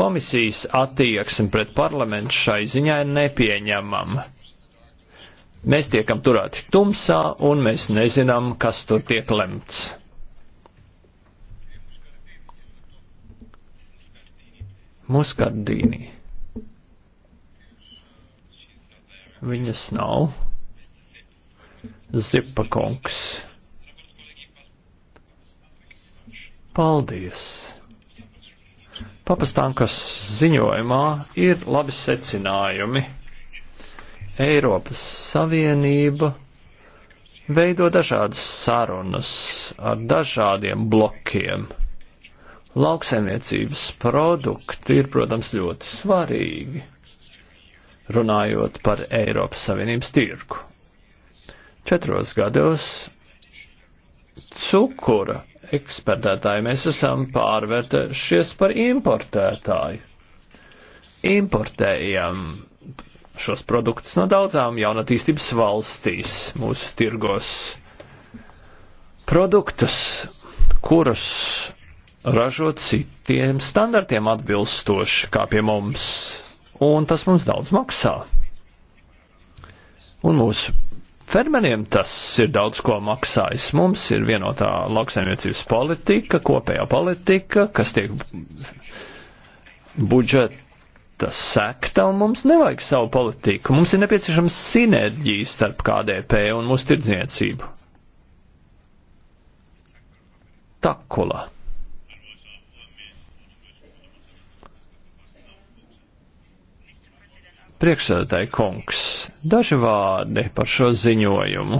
Komisijas attieksme pret parlamentu šai ziņā ir nepieņemama. Mēs tiekam turēti tumsā un mēs nezinām, kas tur tiek lemts. Muskardīni. Viņas nav. Zipa kungs. Paldies! Papastankas ziņojumā ir labi secinājumi. Eiropas Savienība veido dažādas sarunas ar dažādiem blokiem. Lauksaimniecības produkti ir, protams, ļoti svarīgi, runājot par Eiropas Savienības tirku. Četros gados cukura eksportētāji, mēs esam pārvērtējušies par importētāju. Importējam šos produktus no daudzām jaunatīstības valstīs mūsu tirgos. Produktus, kurus ražo citiem standartiem atbilstoši kā pie mums, un tas mums daudz maksā. Un mūsu Fermeriem tas ir daudz ko maksājis. Mums ir vienotā lauksaimniecības politika, kopējā politika, kas tiek budžeta sekta, un mums nevajag savu politiku. Mums ir nepieciešams sinerģija starp KDP un mūsu tirdzniecību. Takula. Priekšsēdētāji kungs, daži vārdi par šo ziņojumu.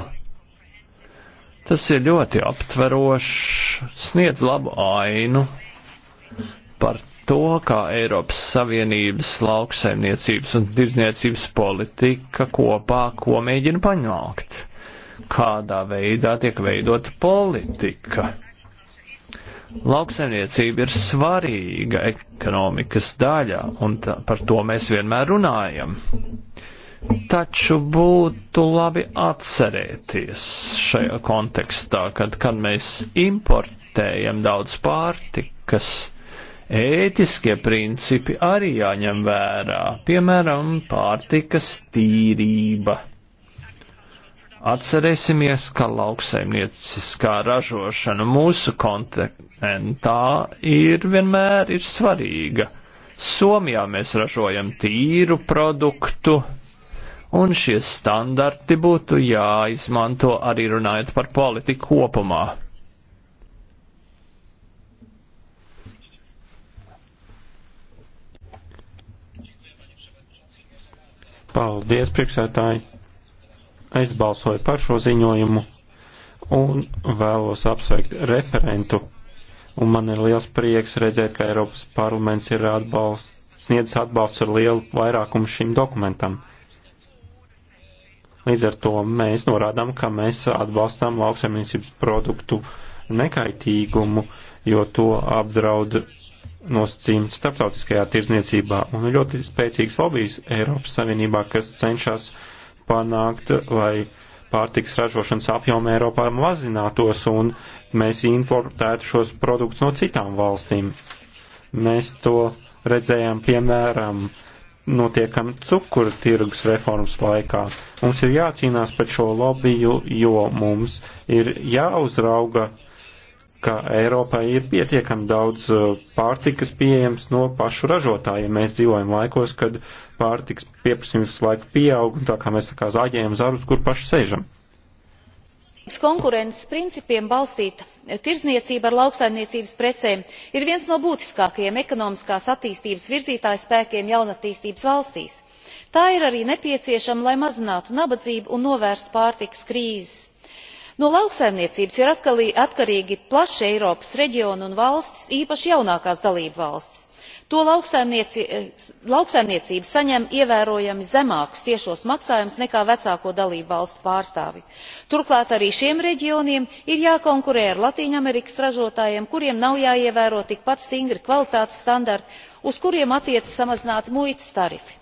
Tas ir ļoti aptverošs, sniedz labu ainu par to, kā Eiropas Savienības lauksaimniecības un tirzniecības politika kopā ko mēģina panākt, kādā veidā tiek veidota politika Lauksaimniecība ir svarīga ekonomikas daļa, un tā, par to mēs vienmēr runājam. Taču būtu labi atcerēties šajā kontekstā, kad, kad mēs importējam daudz pārtikas, ētiskie principi arī jāņem vērā, piemēram, pārtikas tīrība Atcerēsimies, ka lauksaimnieciskā ražošana mūsu kontinentā ir vienmēr ir svarīga. Somijā mēs ražojam tīru produktu, un šie standarti būtu jāizmanto arī runājot par politiku kopumā. Paldies, priekšsētāji! Es balsoju par šo ziņojumu un vēlos apsveikt referentu. Un man ir liels prieks redzēt, ka Eiropas parlaments ir atbalsts, sniedzis atbalsts ar lielu vairākumu šim dokumentam. Līdz ar to mēs norādām, ka mēs atbalstām lauksaimniecības produktu nekaitīgumu, jo to apdraud nosacījums starptautiskajā tirzniecībā. Un ir ļoti spēcīgs lobijs Eiropas Savienībā, kas cenšas panākt, lai pārtiks ražošanas apjoma Eiropā mazinātos un mēs importētu šos produktus no citām valstīm. Mēs to redzējām, piemēram, notiekam cukuru tirgus reformas laikā. Mums ir jācīnās par šo lobiju, jo mums ir jāuzrauga ka Eiropai ir pietiekami daudz uh, pārtikas pieejams no pašu ražotājiem. Mēs dzīvojam laikos, kad pārtikas pieprasījums laiku pieaug, un tā kā mēs tā kā zāģējam zarus, kur paši sēžam. Konkurences principiem balstīta eh, tirzniecība ar lauksaimniecības precēm ir viens no būtiskākajiem ekonomiskās attīstības virzītājspēkiem jaunatīstības valstīs. Tā ir arī nepieciešama, lai mazinātu nabadzību un novērstu pārtikas krīzes no lauksaimniecības ir atkarīgi plaši eiropas reģioni un valstis īpaši jaunākās dalībvalstis. to lauksaimniecība saņem ievērojami zemākus tiešos maksājumus nekā vecāko dalībvalstu pārstāvji. turklāt arī šiem reģioniem ir jākonkurē ar latīņamerikas ražotājiem kuriem nav jāievēro tikpat stingri kvalitātes standarti uz kuriem attiecas samazināti muitas tarifi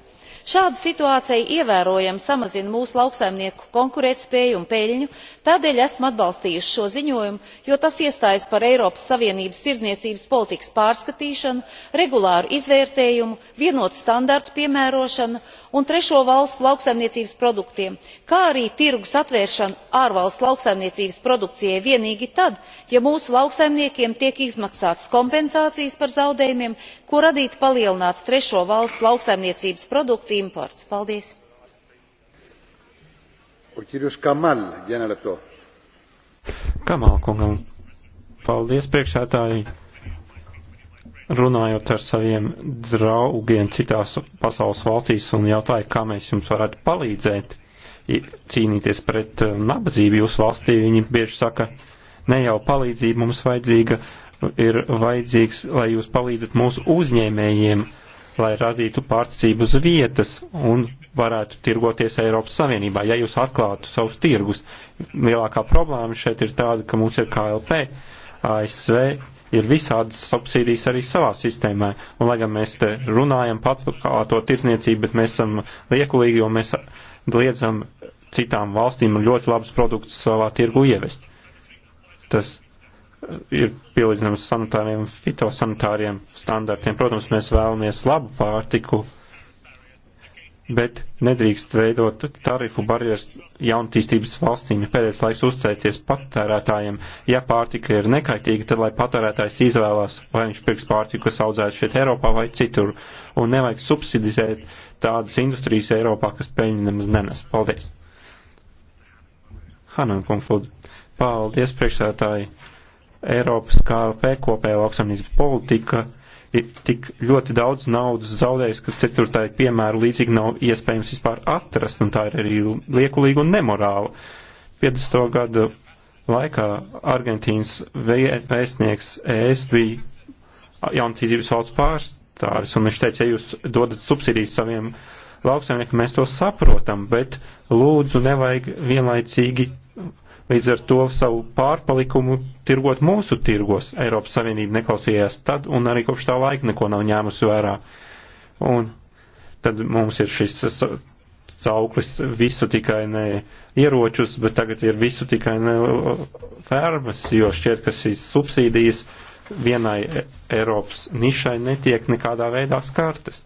šāda situācija ievērojami samazina mūsu lauksaimnieku konkurētspēju un peļņu tādēļ esmu atbalstījusi šo ziņojumu jo tas iestājas par eiropas savienības tirdzniecības politikas pārskatīšanu regulāru izvērtējumu vienotu standartu piemērošanu un trešo valstu lauksaimniecības produktiem kā arī tirgus atvēršanu ārvalstu lauksaimniecības produkcijai vienīgi tad ja mūsu lauksaimniekiem tiek izmaksātas kompensācijas par zaudējumiem ko radītu palielināts trešo valstu lauksaimniecības produktu imports. paldies! Kamal kungam, paldies priekšētāji! runājot ar saviem draugiem citās pasaules valstīs un jautāju, kā mēs jums varētu palīdzēt cīnīties pret um, nabadzību jūsu valstī, viņi bieži saka, ne jau palīdzība mums vajadzīga, ir vajadzīgs, lai jūs palīdzat mūsu uzņēmējiem, lai radītu pārticību uz vietas un varētu tirgoties Eiropas Savienībā, ja jūs atklātu savus tirgus. Lielākā problēma šeit ir tāda, ka mums ir KLP, ASV, ir visādas subsīdijas arī savā sistēmā. Un, lai gan mēs te runājam pat kā to tirsniecību, bet mēs esam liekulīgi, jo mēs liedzam citām valstīm ļoti labus produktus savā tirgu ievest. Tas uh, ir pielīdzināms sanitāriem, fitosanitāriem standartiem. Protams, mēs vēlamies labu pārtiku bet nedrīkst veidot tarifu barjeras jaunatīstības valstīm. Pēdējais laiks uzticēties patērētājiem. Ja pārtika ir nekaitīga, tad lai patērētājs izvēlās, vai viņš pirks pārtiku, kas audzēta šeit Eiropā vai citur. Un nevajag subsidizēt tādas industrijas Eiropā, kas peļņu nemaz nenes. Paldies! Hanan kungs, lūdzu. Paldies, priekšsētāji. Eiropas KLP kopējā lauksamības politika ir tik ļoti daudz naudas zaudējis, ka ceturtai piemēru līdzīgi nav iespējams vispār atrast, un tā ir arī liekulīga un nemorāla. 50. gadu laikā Argentīnas vēstnieks ES bija jaunatīstības valsts pārstāvis, un viņš teica, ja jūs dodat subsidijas saviem lauksaimniekiem, mēs to saprotam, bet lūdzu nevajag vienlaicīgi uh, līdz ar to savu pārpalikumu tirgot mūsu tirgos. Eiropas Savienība neklausījās tad un arī kopš tā laika neko nav ņēmusi vērā. Un tad mums ir šis cauklis visu tikai ne ieročus, bet tagad ir visu tikai ne uh, fermas, jo šķiet, ka šīs subsīdijas vienai e, Eiropas nišai netiek nekādā veidā skartas.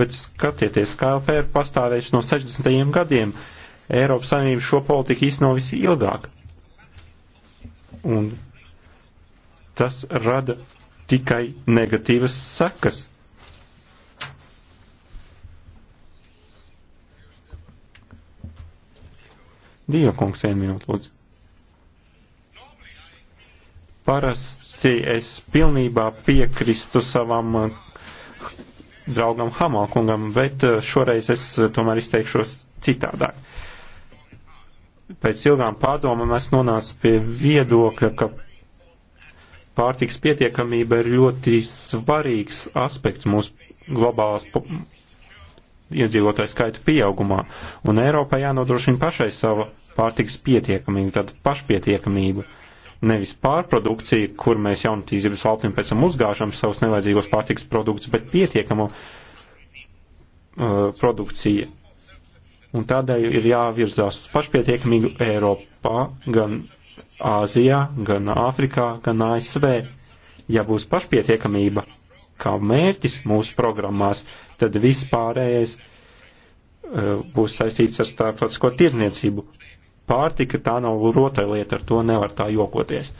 Bet skatieties, KLP ir pastāvējuši no 60. gadiem Eiropas Savienība šo politiku īsteno visilgāk. Un tas rada tikai negatīvas sekas. Dieva kungs, vienu minūtu, lūdzu. Parasti es pilnībā piekrīstu savam uh, draugam Hamalkungam, bet uh, šoreiz es uh, tomēr izteikšos citādāk pēc ilgām pārdomām es nonācu pie viedokļa, ka pārtiks pietiekamība ir ļoti svarīgs aspekts mūsu globālās iedzīvotāju skaitu pieaugumā, un Eiropai jānodrošina pašai sava pārtiks pietiekamība, tad pašpietiekamība, nevis pārprodukcija, kur mēs jaunatīstības valstīm pēc tam uzgāžam savus nevajadzīgos pārtiks produktus, bet pietiekamu uh, produkciju un tādēļ ir jāvirzās uz pašpietiekamību Eiropā, gan Āzijā, gan Āfrikā, gan ASV. Ja būs pašpietiekamība kā mērķis mūsu programmās, tad viss pārējais uh, būs saistīts ar starptautisko tirdzniecību. Pārtika tā nav rotaļlieta, ar to nevar tā jokoties.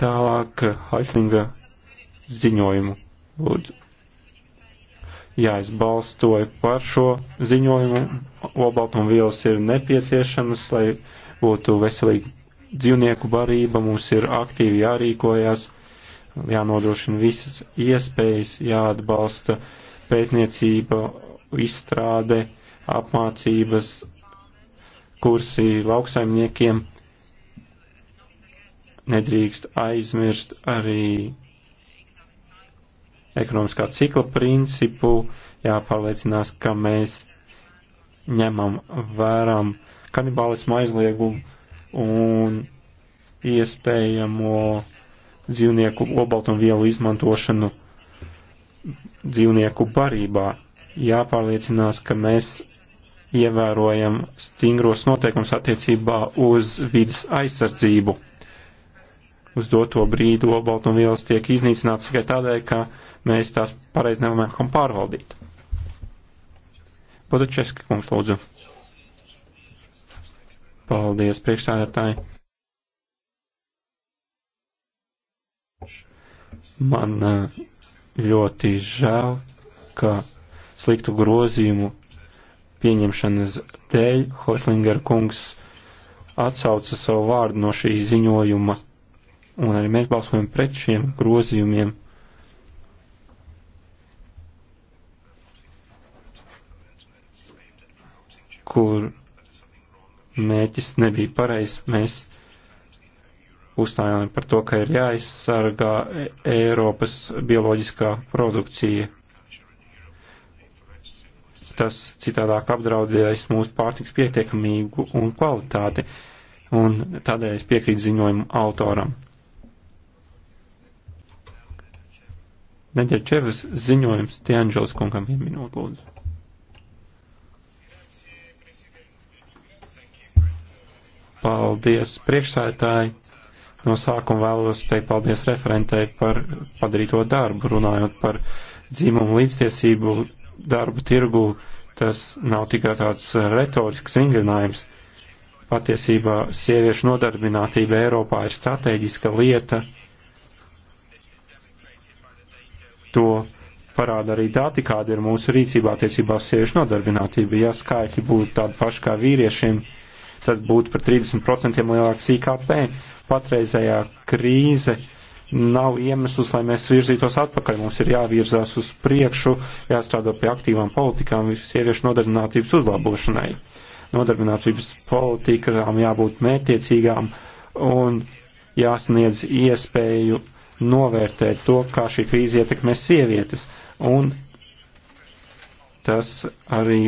Tālāk Haislinga ziņojumu. Lūdzu. Jā, es balstoju par šo ziņojumu. Olbaltumvielas ir nepieciešamas, lai būtu veselīga dzīvnieku barība. Mums ir aktīvi jārīkojās, jānodrošina visas iespējas, jāatbalsta pētniecība, izstrāde, apmācības kursi lauksaimniekiem. Nedrīkst aizmirst arī ekonomiskā cikla principu, jāpārliecinās, ka mēs ņemam vērām kanibālismu aizliegumu un iespējamo dzīvnieku obaltumvielu izmantošanu dzīvnieku barībā. Jāpārliecinās, ka mēs ievērojam stingros noteikums attiecībā uz vidas aizsardzību. Uz doto brīdi obaltumvielas tiek iznīcināts tikai tādēļ, ka mēs tās pareizi nevaram pārvaldīt. Budačeski kungs lūdzu. Paldies, priekšsādātāji. Man eh, ļoti žēl, ka sliktu grozījumu pieņemšanas dēļ Hoslinger kungs atsauca savu vārdu no šī ziņojuma, un arī mēs balsojam pret šiem grozījumiem. kur mēķis nebija pareizs, mēs uzstājām par to, ka ir jāaizsargā e- Eiropas bioloģiskā produkcija. Tas citādāk apdraudējis mūsu pārtiks pietiekamību un kvalitāti, un tādēļ es piekrītu ziņojumu autoram. Neģerčevas ziņojums Tianģelis kungam vienu minūtu lūdzu. Paldies priekšsētāji. No sākuma vēlos teikt paldies referentei par padarīto darbu, runājot par dzimumu līdztiesību darbu tirgu. Tas nav tikai tāds retorisks vingrinājums. Patiesībā sieviešu nodarbinātība Eiropā ir strateģiska lieta. To parāda arī dati, kāda ir mūsu rīcībā attiecībā uz sieviešu nodarbinātību. Ja skaitļi būtu tādi paši kā vīriešiem, tad būtu par 30% lielāks IKP. Patreizējā krīze nav iemesls, lai mēs virzītos atpakaļ. Mums ir jāvirzās uz priekšu, jāstrādā pie aktīvām politikām, sieviešu nodarbinātības uzlabošanai. Nodarbinātības politikām jābūt mērtiecīgām un jāsniedz iespēju novērtēt to, kā šī krīze ietekmē sievietes. Un tas arī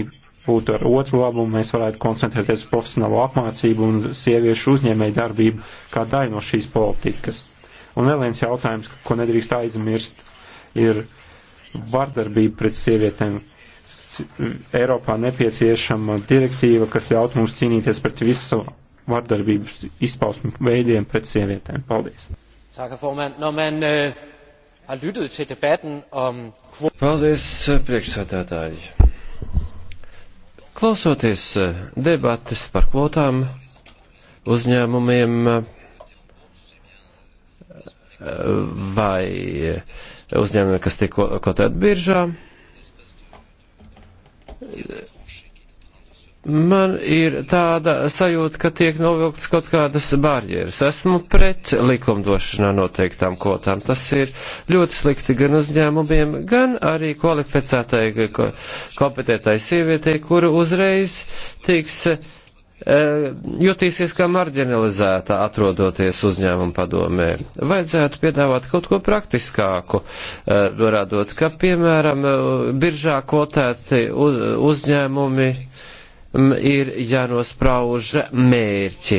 būtu ar otru labumu, mēs varētu koncentrēties uz profesionālo apmācību un sieviešu uzņēmēju darbību kā daļu no šīs politikas. Un vēl viens jautājums, ko nedrīkst aizmirst, ir vardarbība pret sievietēm. Eiropā nepieciešama direktīva, kas ļaut mums cīnīties pret visu vardarbības izpausmu veidiem pret sievietēm. Paldies! Tak, formand. Når man øh, har lyttet til debatten om... Paldies, priekšsēdētāji. Klausoties eh, debates par kvotām uzņēmumiem eh, vai eh, uzņēmumiem, kas tiek kotēt biržā, Man ir tāda sajūta, ka tiek novilkts kaut kādas barjeras. Esmu pret likumdošanā noteiktām kvotām. Tas ir ļoti slikti gan uzņēmumiem, gan arī kvalificētai, kompetētai sievietei, kura uzreiz tiks eh, jutīsies kā marginalizētā atrodoties uzņēmuma padomē. Vajadzētu piedāvāt kaut ko praktiskāku, eh, norādot, ka, piemēram, biržā kvotēti uzņēmumi ir jānosprauž mērķi.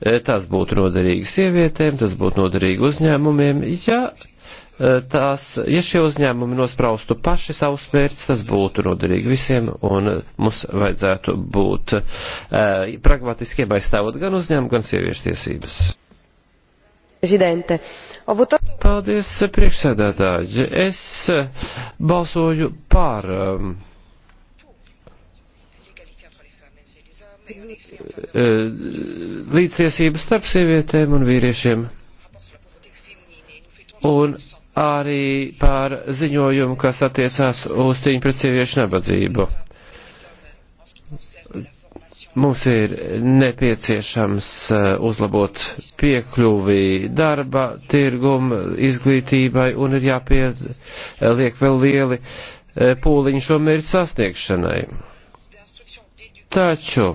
E, tas būtu noderīgi sievietēm, tas būtu noderīgi uzņēmumiem. Ja, e, tās, ja šie uzņēmumi nospraustu paši savus mērķus, tas būtu noderīgi visiem, un mums vajadzētu būt uh, pragmatiskiem aizstāvot gan uzņēmumu, gan sieviešu tiesības. Paldies, priekšsēdētāji. Es balsoju pār. Um, Eh, līdztiesības starp sievietēm un vīriešiem. Un arī par ziņojumu, kas attiecās uz cīņu pret sieviešu nabadzību. Mums ir nepieciešams eh, uzlabot piekļuvi darba, tirgumu, izglītībai un ir jāpieliek eh, vēl lieli pūliņi šo mērķu sasniegšanai. Taču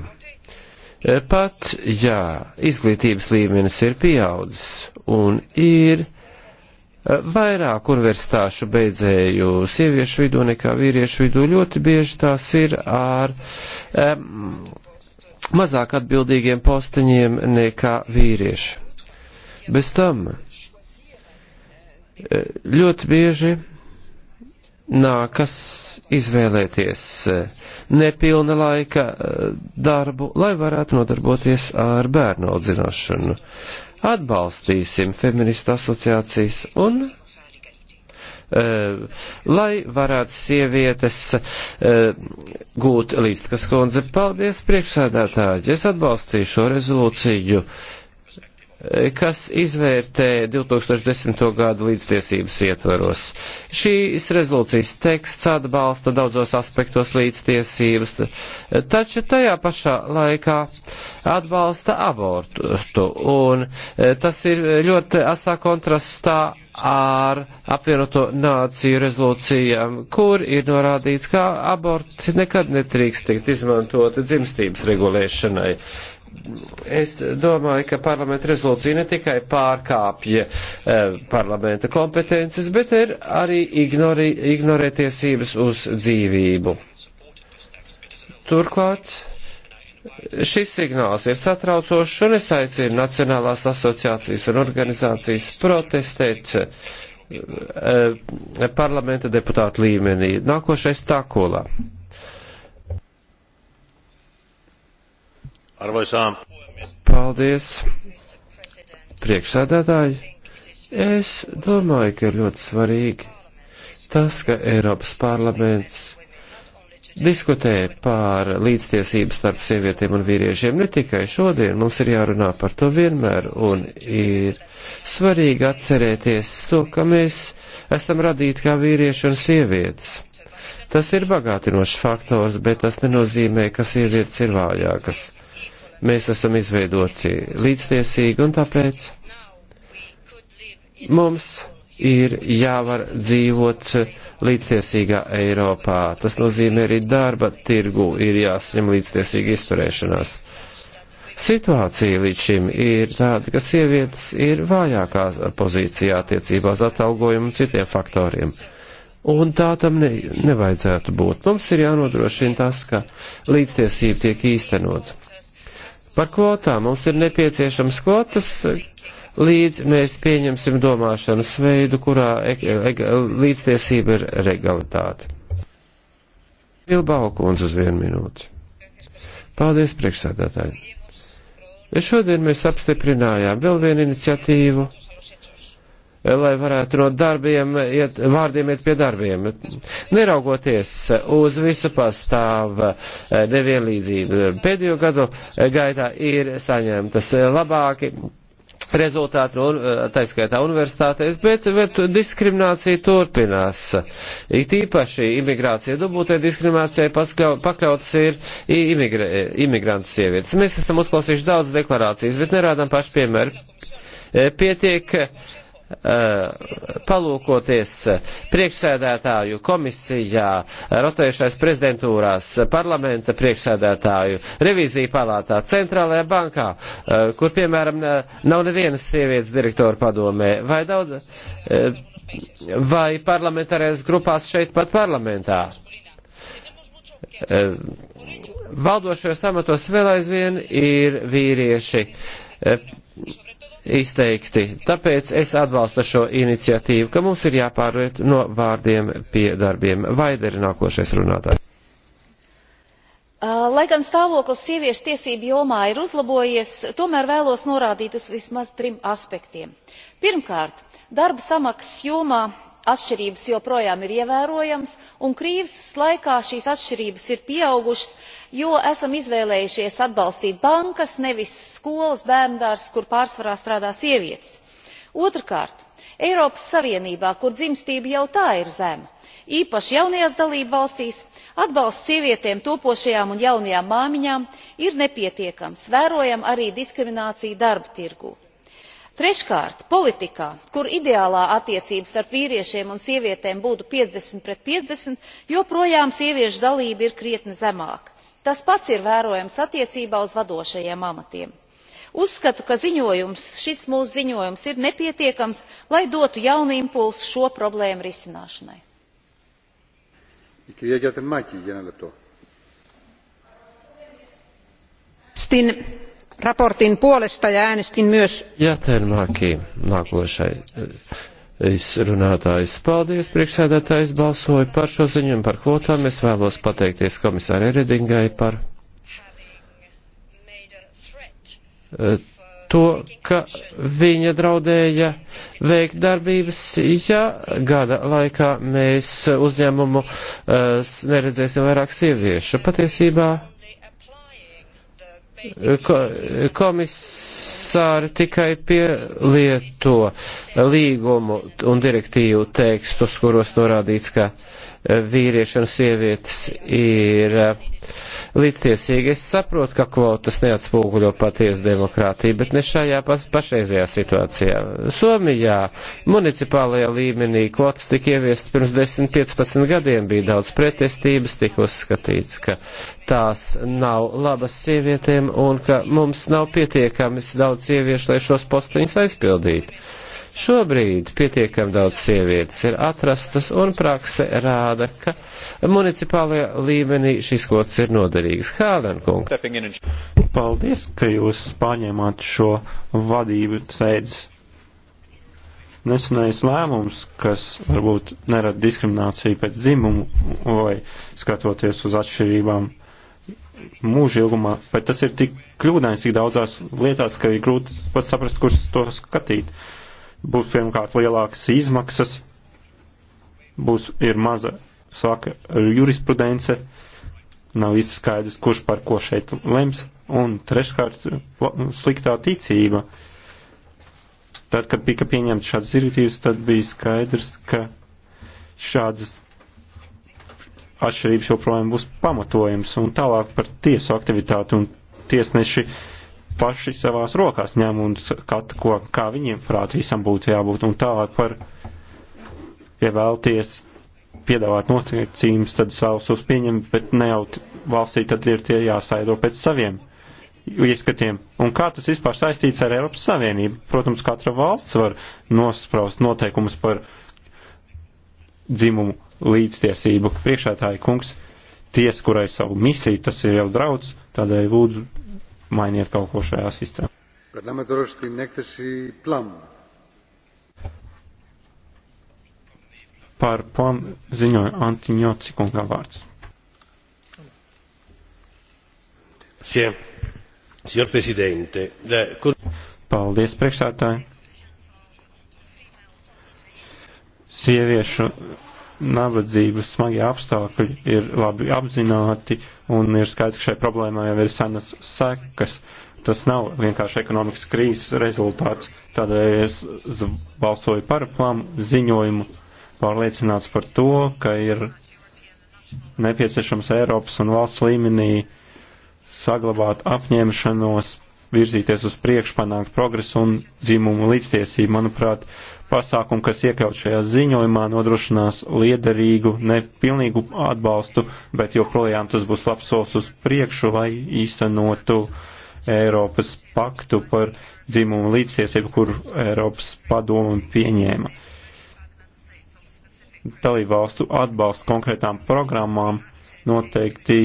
Pat, ja izglītības līmenis ir pieaudzis un ir eh, vairāk universitāšu beidzēju sieviešu vidū nekā vīriešu vidū, ļoti bieži tās ir ar um, mazāk atbildīgiem posteņiem nekā vīrieši. Bez tam eh, ļoti bieži nākas izvēlēties eh, nepilna laika eh, darbu, lai varētu nodarboties ar bērnu audzināšanu. Atbalstīsim feministu asociācijas un eh, lai varētu sievietes gūt līdzkas kundze. Paldies, priekšsēdētāji! Es atbalstīju šo rezolūciju kas izvērtē 2010. gadu līdztiesības ietvaros. Šīs rezolūcijas teksts atbalsta daudzos aspektos līdztiesības, taču tajā pašā laikā atbalsta abortu, un e, tas ir ļoti asā kontrastā ar apvienoto nāciju rezolūcijām, kur ir norādīts, ka aborti nekad netrīkst tikt izmantoti dzimstības regulēšanai es domāju, ka parlamenta rezolūcija ne tikai pārkāpja eh, parlamenta kompetences, bet ir arī ignori, ignorē tiesības uz dzīvību. Turklāt šis signāls ir satraucošs un es aicinu Nacionālās asociācijas un organizācijas protestēt eh, parlamenta deputātu līmenī. Nākošais Takola. Arvoisām. Paldies, priekšsēdētāji. Es domāju, ka ir ļoti svarīgi tas, ka Eiropas parlaments diskutē par līdztiesību starp sievietēm un vīriešiem ne tikai šodien, mums ir jārunā par to vienmēr, un ir svarīgi atcerēties to, ka mēs esam radīti kā vīrieši un sievietes. Tas ir bagātinošs faktors, bet tas nenozīmē, ka sievietes ir vājākas mēs esam izveidoti līdztiesīgi, un tāpēc mums ir jāvar dzīvot līdztiesīgā Eiropā. Tas nozīmē arī darba tirgu ir jāsņem līdztiesīgi izturēšanās. Situācija līdz šim ir tāda, ka sievietes ir vājākā pozīcijā attiecībā uz atalgojumu un citiem faktoriem. Un tā tam ne, nevajadzētu būt. Mums ir jānodrošina tas, ka līdztiesība tiek īstenot. Par kvotām mums ir nepieciešams kvotas, līdz mēs pieņemsim domāšanas veidu, kurā e e līdztiesība ir regalitāte. Bilbao kundze uz vienu minūti. Paldies, priekšsēdētāji. Šodien mēs apstiprinājām vēl vienu iniciatīvu lai varētu no darbiem iet, vārdiem iet pie darbiem. Neraugoties uz visu pastāv eh, nevienlīdzību, pēdējo gadu eh, gaitā ir saņemtas labāki rezultāti, un, eh, taiskaitā universitātēs, bet, bet diskriminācija turpinās. It īpaši imigrācija dubultē diskriminācijai pakļautas ir imigra, imigrantu sievietes. Mēs esam uzklausījuši daudz deklarācijas, bet nerādām paši piemēru. Pietiek Uh, palūkoties priekšsēdētāju komisijā, rotējušais prezidentūrās, parlamenta priekšsēdētāju, revīzija palātā, centrālajā bankā, uh, kur, piemēram, uh, nav nevienas sievietes direktora padomē, vai daudz, vai parlamentārēs grupās šeit pat parlamentā. Valdošajos amatos vēl aizvien ir vīrieši izteikti. Tāpēc es atbalstu šo iniciatīvu, ka mums ir jāpārvērt no vārdiem pie darbiem. Vaideri nākošais runātājs. Lai gan stāvoklis sieviešu tiesību jomā ir uzlabojies, tomēr vēlos norādīt uz vismaz trim aspektiem. Pirmkārt, darba samaksas jomā atšķirības joprojām ir ievērojamas un krīzes laikā šīs atšķirības ir pieaugušas jo esam izvēlējušies atbalstīt bankas nevis skolas bērndārzus kur pārsvarā strādā sievietes. otrkārt eiropas savienībā kur dzimstība jau tā ir zema īpaši jaunajās dalībvalstīs atbalsts sievietēm topošajām un jaunajām māmiņām ir nepietiekams vērojama arī diskriminācija darba tirgū treškārt politikā kur ideālā attiecība starp vīriešiem un sievietēm būtu piecdesmit pret piecdesmit joprojām sieviešu dalība ir krietni zemāka. tas pats ir vērojams attiecībā uz vadošajiem amatiem. uzskatu ka ziņojums šis mūsu ziņojums ir nepietiekams lai dotu jaunu impulsu šo problēmu risināšanai. äänestin mietinnön puolesta ja äänestin myös. Jätenmaki nākošais eh, runātājs. Paldies, priekšsēdētājs balsoja par šo ziņu un par kvotām. Es vēlos pateikties komisārai Redingai par eh, to, ka viņa draudēja veikt darbības, ja gada laikā mēs uzņēmumu uh, neredzēsim vairāk sieviešu. Patiesībā Ko, komisāri tikai pielieto līgumu un direktīvu tekstus, kuros norādīts, ka uh, vīrieši un sievietes ir eh, līdztiesīgi. Es saprotu, ka kvotas neatspūguļo patiesu demokrātiju, bet ne šajā pašreizajā situācijā. Somijā municipālajā līmenī kvotas tika ieviest pirms 10-15 gadiem, bija daudz pretestības, tika uzskatīts, ka tās nav labas sievietēm un ka mums nav pietiekamis daudz sieviešu, lai šos postiņus aizpildītu. Šobrīd pietiekam daudz sievietes ir atrastas, un prakse rāda, ka municipālajā līmenī šis kods ir noderīgs. Hādenkungs. Paldies, ka jūs paņēmāt šo vadību sēdzi. Nesenais lēmums, kas varbūt nerada diskrimināciju pēc dzimumu vai skatoties uz atšķirībām mūža ilgumā, bet tas ir tik kļūdains, tik daudzās lietās, ka ir grūti pat saprast, kurš to skatīt. Uh, Būs pirmkārt lielākas izmaksas, būs ir maza, saka, jurisprudence, nav viss skaidrs, kurš par ko šeit lems, un treškārt sliktā ticība. Tad, kad tika pieņemts šāds direktīvs, tad bija skaidrs, ka šādas atšķirības joprojām būs pamatojums, un tālāk par tiesu aktivitāti, un tiesneši paši savās rokās ņem un skata, ko, kā viņiem prāt visam būtu jābūt. Un tālāk par, ja vēlties piedāvāt nosacījumus, tad savus uz pieņemt, bet ne jau valstī tad ir tie jāsaido pēc saviem ieskatiem. Un kā tas vispār saistīts ar Eiropas Savienību? Protams, katra valsts var nospraust noteikumus par dzimumu līdztiesību. Priekšētāji kungs, ties, kurai savu misiju, tas ir jau draudz, tādēļ lūdzu mainiet kaut ko šajā sistēmā. Περνάμε τώρα στην έκθεση Plum. Par Plum ziņoja Antiņoci kungā vārds. Signor Presidente, kur... Paldies, priekšsētāji. Sieviešu nabadzības smagie apstākļi ir labi apzināti un ir skaidrs, ka šai problēmā jau ir senas sekas. Tas nav vienkārši ekonomikas krīzes rezultāts. Tādēļ es balsoju par plānu ziņojumu, pārliecināts par to, ka ir nepieciešams Eiropas un valsts līmenī saglabāt apņemšanos, virzīties uz priekšu, panākt progresu un dzimumu līdztiesību. Manuprāt, uh, pasākumi, kas iekļaut šajā ziņojumā, nodrošinās liederīgu, nepilnīgu atbalstu, bet joprojām tas būs labs solis uz priekšu, lai īstenotu Eiropas paktu par dzimumu līdztiesību, kur Eiropas padomu pieņēma. Dalībvalstu atbalsts konkrētām programmām noteikti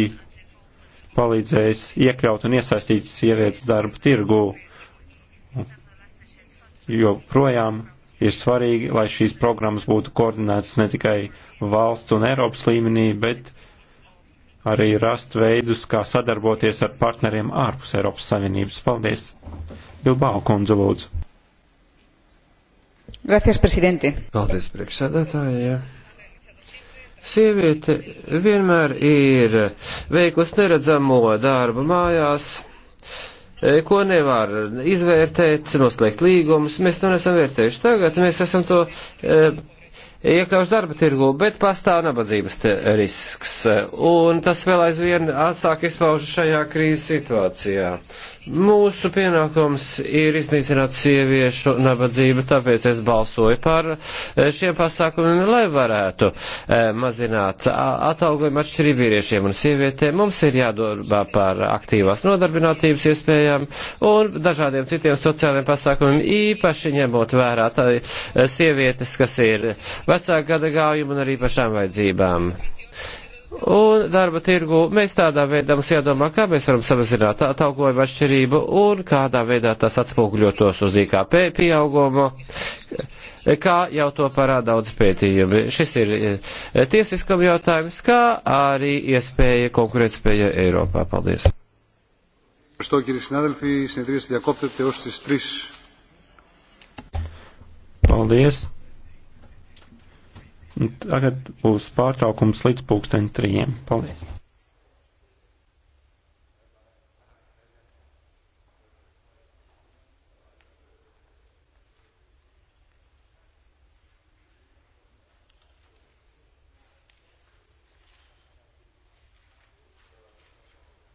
palīdzējis iekļaut un iesaistīt sievietes darba tirgū, jo projām ir svarīgi, lai šīs programmas būtu koordinētas ne tikai valsts un Eiropas līmenī, bet arī rast veidus, kā sadarboties ar partneriem ārpus Eiropas Savienības. Paldies! Bilbao kundze lūdzu. Gracias, presidente. Paldies, priekšsēdētāji. Sieviete vienmēr ir veikusi neredzamo darbu mājās Eh, ko nevar izvērtēt, noslēgt līgumus. Mēs to nesam vērtējuši tagad, mēs esam to eh, iekļauts darba tirgu, bet pastāv nabadzības risks. Eh, un tas vēl aizvien atsāk izpaužu šajā krīzes situācijā. Mūsu pienākums ir iznīcināt sieviešu nabadzību, tāpēc es balsoju par eh, šiem pasākumiem, lai varētu eh, mazināt atalgojumu atšķirību vīriešiem un sievietēm. Mums ir jādomā par aktīvās nodarbinātības iespējām un dažādiem citiem sociāliem pasākumiem, īpaši ņemot vērā tā, eh, sievietes, kas ir vecāka gada gājuma un arī pašām vajadzībām. Un darba tirgu mēs tādā veidā mums jādomā, kā mēs varam samazināt atalgojumu atšķirību un kādā veidā tas atspoguļotos uz IKP pieaugumu, kā jau to parāda daudz pētījumi. Šis ir eh, tiesiskam jautājums, kā arī iespēja konkurētspēja Eiropā. Paldies! Ευχαριστώ κύριε συνάδελφοι. Η συνεδρία διακόπτεται ως τις 3. Paldies! Tagad būs pārtraukums līdz pulksten trījiem. Paldies!